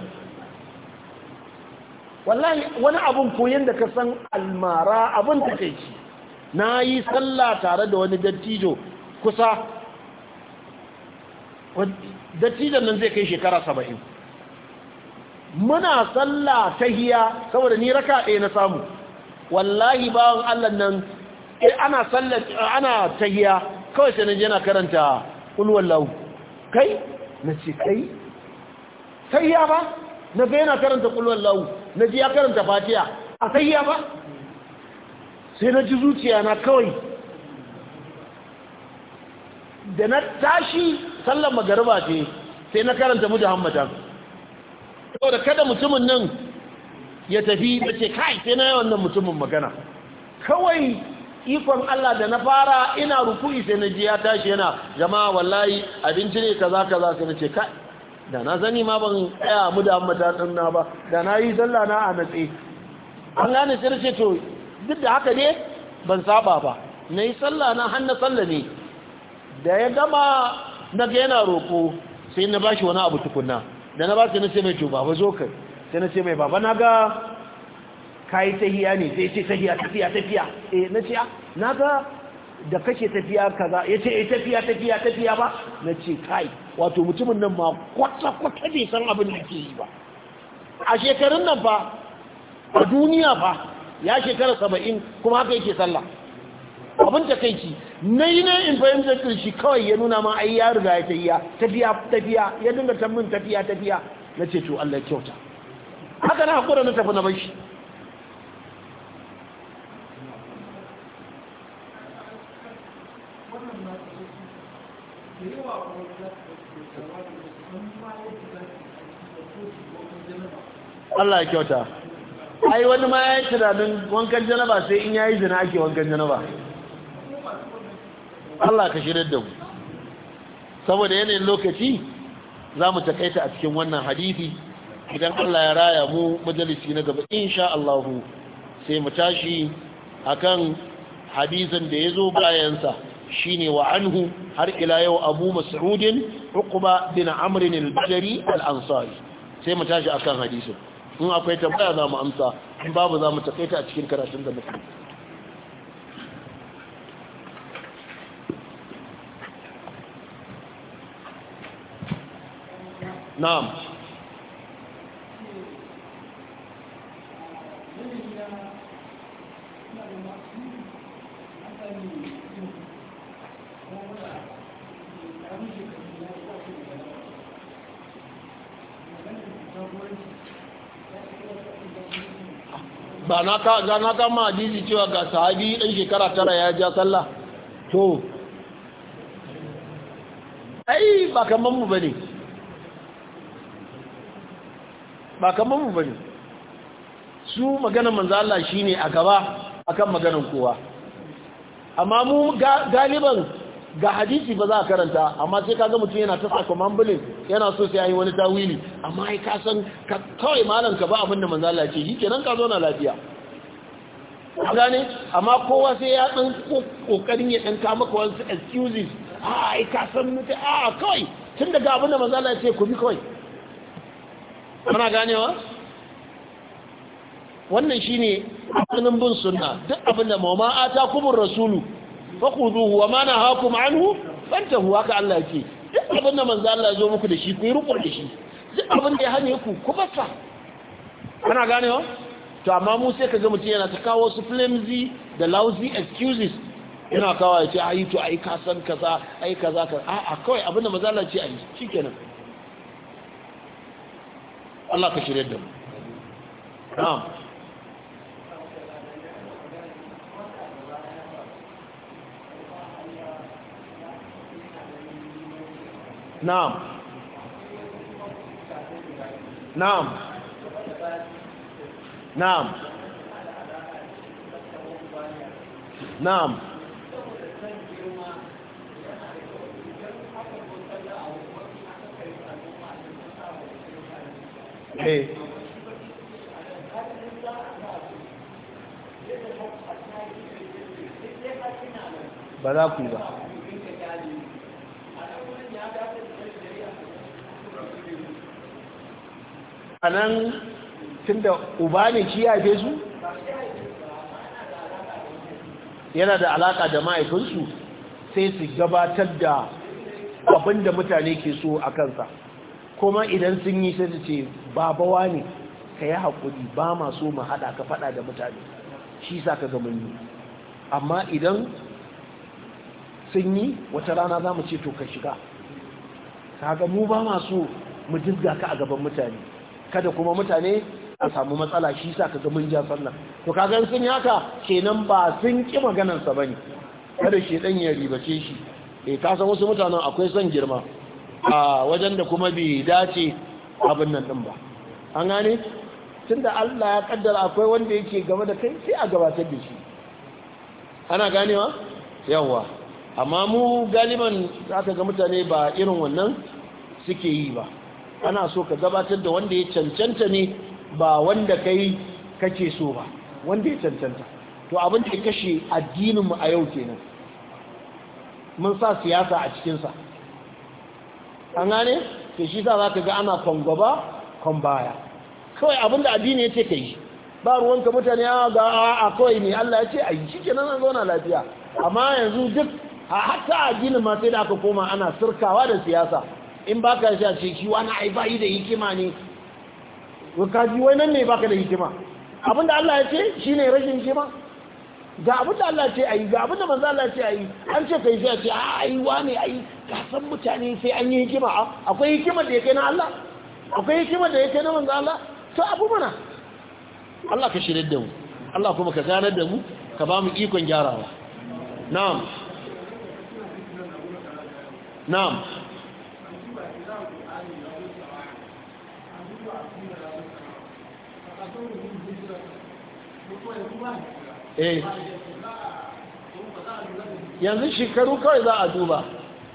wallahi wani abun koyon da ka san almara abin ta kai ci na yi sallah tare da wani dattijo kusa dattijon nan zai kai shekara saba'in muna sallah ta hiya saboda ni raka ɗaya na samu wallahi bawan allah nan eh, ana sallah ana ta hiya kawai sai na je na karanta ƙulwallahu kai na ce kai sai ya ba na ga yana karanta ƙulwallahu na ji ya karanta fatiya a sai ya ba sai na ji zuciya na kawai da na tashi sallan magaraba ce sai na karanta muda to da kada mutumin nan ya tafi da ce kai sai na yawan nan mutumin magana kawai ikon Allah da na fara ina ruku'i sai na ji ya tashi yana jama'a wallahi abinci ne kaza kaza sai na ce kai da na zani ma ban tsaya mu da amma ta na ba da na yi sallah na a natse an gane sai ce to duk da haka ne ban saba ba na yi sallah na hannu sallah ne da ya gama na ga yana roko sai na bashi wani abu tukunna da na ba sai na ce mai to baba zo kai sai na ce mai baba na ga kayi tahiya ne sai ce tahiya tafiya tafiya eh na ce ah, na ga da kashe tafiya kaza ya ce eh tafiya tafiya tafiya ba na ce kai wato mutumin nan ma kwata-kwata bai san abin da ke yi ba a shekarun nan ba a duniya ba ya shekara saba'in kuma haka yake sallah abin ta kai ki na yi na in fahimtar shi kawai ya nuna ma ai ya riga ya tafiya tafiya tafiya ya dinga tambun tafiya tafiya na ce to Allah kyauta haka na hakura na tafi na bashi Allah ya kyauta ai wani ma ya yi tunanin wankan janaba sai in ya yi zina ake wankan janaba Allah ka shirar da mu saboda yanayin lokaci za mu takaita a cikin wannan hadithi idan Allah ya raya mu majalisi na gaba insha Allah sai mu tashi akan hadisin da ya zo bayansa shine wa anhu har ila yau Abu Mas'udin Uqba bin Amr al-Badri al-Ansari sai mu tashi akan hadisin in akwai tambaya za mu amsa in babu za mu takaita a cikin karatun da muke na'am ba na ka ga na ka ma hadisi cewa ga sahabi dan shekara tara ya ja sallah to ai ba kaman mu bane ba kaman mu bane su maganar Manzala Allah shine a gaba akan maganar kowa amma mu galiban ga hadisi ba za a karanta amma sai ga mutum yana ta tafa kamambulin yana so sai yi wani tawili amma ai ka san kawai malam ka ba abin da manzo Allah ya ce ka zo na lafiya gane amma kowa sai ya dan kokarin ya dan ka maka wasu excuses a ai ka san mutum a kawai tun daga abin da manzo Allah ce ku bi kawai kana ganewa wannan shine asalin bin sunna duk abin da mama ata kubur rasulu fakhuduhu wa ma nahakum anhu fantahu haka Allah yake duk abin da manzo Allah ya zo muku da shi ku yi rukur da shi duk abin da ya hane ku ku bata kana gane wa? to amma mu sai kaga mutum yana ta kawo su flimsy da lousy excuses yana kawo ya ce ai to ai ka san kaza ai kaza ka a a kawai abin da manzo Allah ce ai shikenan Allah ka shirye da mu na'am na'am na'am na'am na'am ba za ku ba a nan tun uba ne shi ya su yana da alaka da mahaifinsu sai su gabatar da abin da mutane ke so a kansa kuma idan sun yi sai su ce babawa ne ka yi haƙuri ba ma so mu haɗa ka faɗa da mutane shi sa ka gama yi amma idan sun yi wata rana za mu ce to ka shiga ka ga mu ba masu mu jizga ka a gaban mutane kada kuma mutane a samu matsala shi sa ka ga jan sallah to kaga sun haka kenan ba sun ki maganar sa bane kada shedan ya ribace shi eh ka san wasu mutanen akwai son girma a wajen da kuma bai dace abin nan din ba an gane tunda Allah ya kaddara akwai wanda yake game da kai sai a gabatar da shi ana ganewa yawa amma mu galiban aka ga mutane ba irin wannan suke yi ba ana so ka gabatar da wanda ya cancanta ne ba wanda kai kake so ba wanda ya cancanta to abin da ya kashe addininmu a yau kenan mun sa siyasa a cikinsa an gane ke shi za ka ga ana kwangwaba kwan baya kawai abin da addini ya ce ka yi ba ruwanka mutane a ah, ga a kawai ne Allah ya ce a yi shi kenan an zauna lafiya amma yanzu duk hatta addinin ma sai da aka koma ana sirkawa da siyasa in ba ka sha ce shi wani ai bayi da hikima ne kaji wai nan ne ka da hikima abinda Allah ya ce shi ne rashin hikima ga abinda Allah ce yi ga abinda manzo Allah ce yi an ce kai sai ce a ai ne ai ka san mutane sai an yi hikima akwai hikima da yake na Allah akwai hikima da yake na manzo Allah to abu mana Allah ka shirye da mu Allah kuma ka ganar da mu ka ba mu ikon gyarawa na'am na'am eh yanzu shekaru kawai za a duba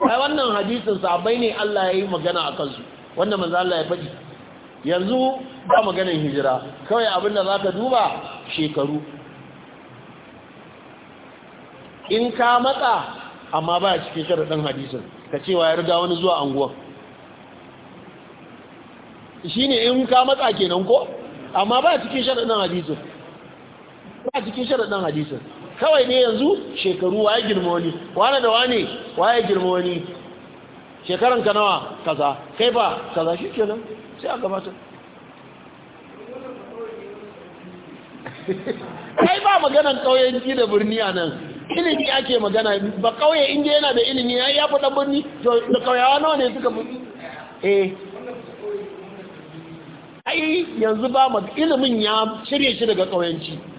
ai wannan hadisin sabai ne Allah ya yi magana a kansu wanda manzo Allah ya faɗi yanzu ba maganin hijira kawai abinda za ka duba shekaru in ka matsa amma ba a cikin ɗan hadisin ka cewa ya riga wani zuwa anguwan shi ne in ka matsa kenan ko amma ba a cikin ɗan hadisin ba cikin sharaɗin hadisun kawai ne yanzu shekaru waye girma wani wane da wane waye girma wani shekaran ka nawa kaza kai ba kaza shi ke nan sai a gabata kai ba maganan ji da birni a nan ilimi ake magana ba ƙauye inda yana da ilimi ya ya faɗa birni da ƙauyawa nawa ne suka birni eh ai yanzu ba ilimin ya shirye shi daga ƙauyenci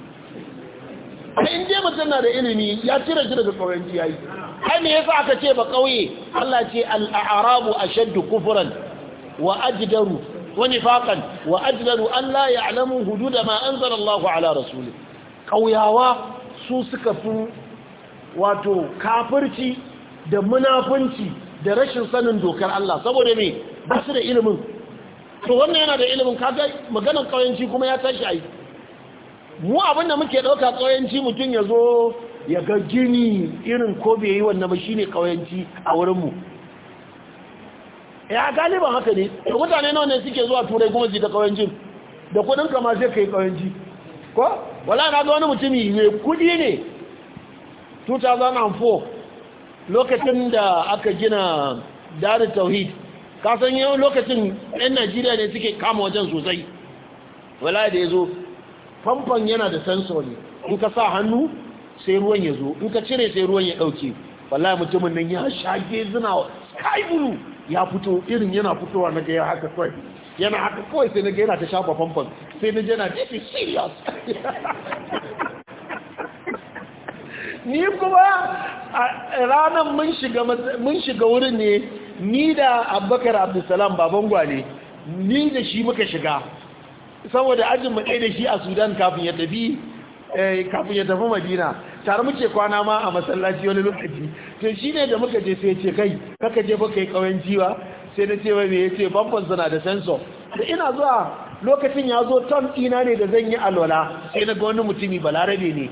in dai mutum na da ilimi ya cire shi daga kauyanci har ne me yasa aka ce ba kauye Allah ce al-a'rabu ashaddu kufuran wa ajdaru wa nifaqan wa ajdaru an la ya'lamu hudud ma anzala Allah ala rasuli kauyawa su suka fi wato kafirci da munafunci da rashin sanin dokar Allah saboda me ba su da ilimin to wannan yana da ilimin kaga maganar kauyanci kuma ya tashi aiki mu abin da muke ɗauka ƙauyanci mutum ya zo ya ga gini irin ko bai yi wannan ba shine ƙauyanci a wurinmu ya galiban haka ne da mutane nawa ne suke zuwa turai kuma su ta ƙauyancin da kudin kama sai ka yi ko wala na ga wani mutumi mai kudi ne 2004 lokacin da aka gina darin tauhid kasan yau lokacin 'yan najeriya ne suke kama wajen sosai wala da ya zo famfon yana da sensori in ka sa hannu sai ruwan ya zo in ka cire sai ruwan ya dauke. wallahi mutumin nan ya shage zina sky blue ya fito irin yana fitowa na gaya haka kawai yana haka kawai sai na yana ta shafa famfon sai na yana this is serious ni kuma ranar mun shiga wurin ne ni da abubakar abdulsalam baban gwale ni da shi muka shiga saboda ajin mu da shi a Sudan kafin ya tafi eh, kafin ya tafi Madina tare muke kwana ma a masallaci wani lokaci to ne da muka je sai ce kai kaka je baka yi kauyen jiwa sai na ce wai me yace bamfan sana da sensor da ina zuwa lokacin ya zo ton ina ne da zan yi alwala sai na ga wani mutumi balarabe ne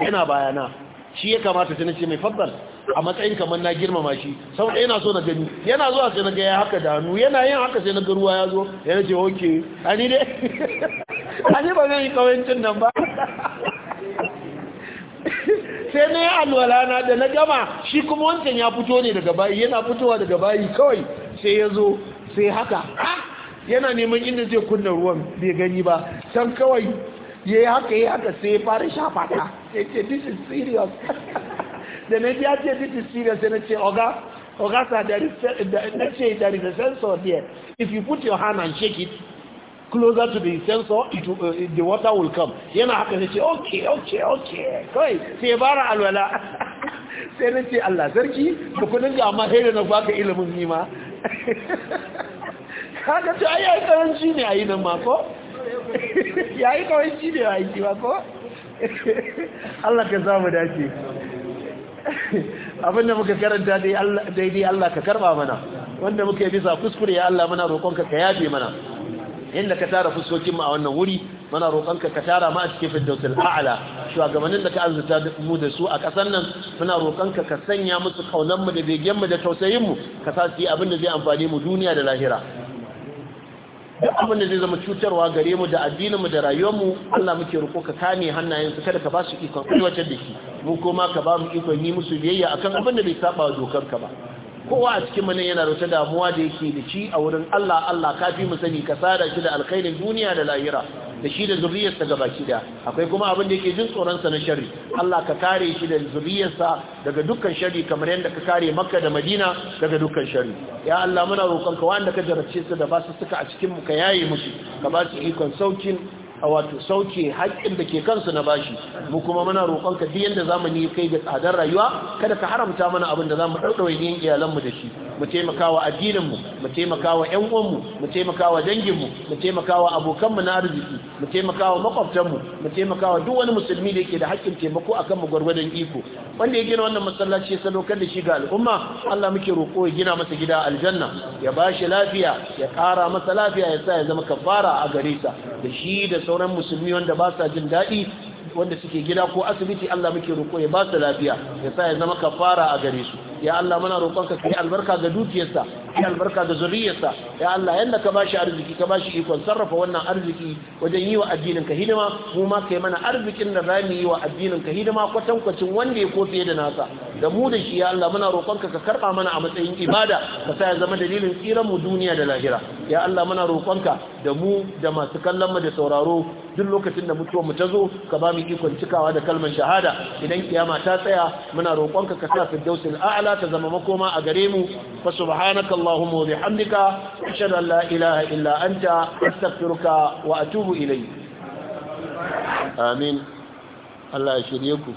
yana bayana shi ya kamata sai na mai fabbal a matsayin kamar na girmama shi sau da yana so na gani yana zuwa sai na ga ya haka da hannu yana yin haka sai na ga ruwa ya zo ya ce oke ani ne? ani ba zai yi kawancin nan ba sai na yi alwala na da na gama shi kuma wancan ya fito ne daga bayi yana fitowa daga bayi kawai sai ya zo sai haka yana neman inda zai kunna ruwan bai gani ba can kawai ya yi haka ya haka sai ya fara shafa ta ce this is serious da na biya ce this is serious sai ce oga oga sa let's ce there is a sensor there if you put your hand and shake it closer to the sensor it, uh, the water will come yana haka sai ce okay okay okay kai sai bara alwala sai na ce Allah sarki da kudin ga amma sai da na baka ilimin ni ma kaga to ayi shi ne ayi nan ma ko yayi shi ne ayi ba ko Allah ka samu dace abinda muka karanta daidai Allah ka karba mana wanda muka yi bisa kuskure ya Allah muna roƙonka ka yafe mana inda ka tara fuskokin mu a wannan wuri muna roƙonka ka tara mu a cikin firdausul a'la shugabannin da ka arzuta mu da su a ƙasar nan muna roƙonka ka sanya musu kaunan mu da begen mu da tausayin mu ka sa su yi abin da zai amfane mu duniya da lahira duk abin da zai zama cutarwa gare mu da addinin mu da rayuwar mu Allah muke roƙo ka kame hannayen su kada ka ba su ikon aiwatar da shi mu koma ka ba mu ikon yi musu biyayya akan abin da bai saba wa dokar ka ba kowa a cikin mu yana da damuwa da yake da shi a wurin Allah Allah ka fi mu sani ka sada shi da alkhairin duniya da lahira da shi da zuriyarsa ga baki da akwai kuma abin da yake jin tsoron sa na sharri Allah ka kare shi da zuriyar sa daga dukkan sharri kamar yadda ka kare Makka da Madina daga dukkan sharri ya Allah muna roƙon ka wanda ka jarace su da basu suka a cikin mu ka yaye musu ka ba su ikon saukin a wato sauke haƙƙin da ke kansu na bashi mu kuma muna roƙonka duk yanda zamani kai ga tsadar rayuwa kada ka haramta mana abin da zamu ɗaɗɗaure yin iyalanmu da shi mu taimakawa addinin mu mu taimaka wa uwanmu mu taimaka wa danginmu mu taimaka wa abokanmu na arziki mu taimaka wa makwabtanmu mu taimaka wa duk wani musulmi da yake da haƙƙin taimako akan mu gwargwadon iko wanda ya gina wannan masallaci ya sadaukar da shi ga al'umma Allah muke roƙo ya gina masa gida aljanna ya ba shi lafiya ya ƙara masa lafiya ya sa ya zama kafara a gare sa da shi da sauran musulmi wanda ba sa jin daɗi wanda suke gida ko asibiti Allah muke roƙo ya ba su lafiya ya sa ya zama kafara a gare su ya Allah muna roƙonka yi albarka ga dukiyarsa kai albarka ga zuriyarsa ya Allah yanda ka bashi arziki ka bashi ikon sarrafa wannan arziki wajen yi wa addinin ka hidima mu ma kai mana arzikin da za mu yi wa addinin ka hidima kwatankwacin wanda ya kofi da nasa da mu da shi ya Allah muna roƙonka ka karɓa mana a matsayin ibada ka sa ya zama dalilin tsiran mu duniya da lahira ya Allah muna roƙonka da mu da masu kallon mu da sauraro duk lokacin da mutuwar mu ta zo ka ba mu ikon cikawa da kalmar shahada idan kiyama ta tsaya muna roƙonka ka sa firdausul a'la za ta zama makoma a gare mu fa subhanaka allahumma wa bihamdika ashhadu an la ilaha illa anta astaghfiruka wa atubu ilayk amin Allah ya shirye ku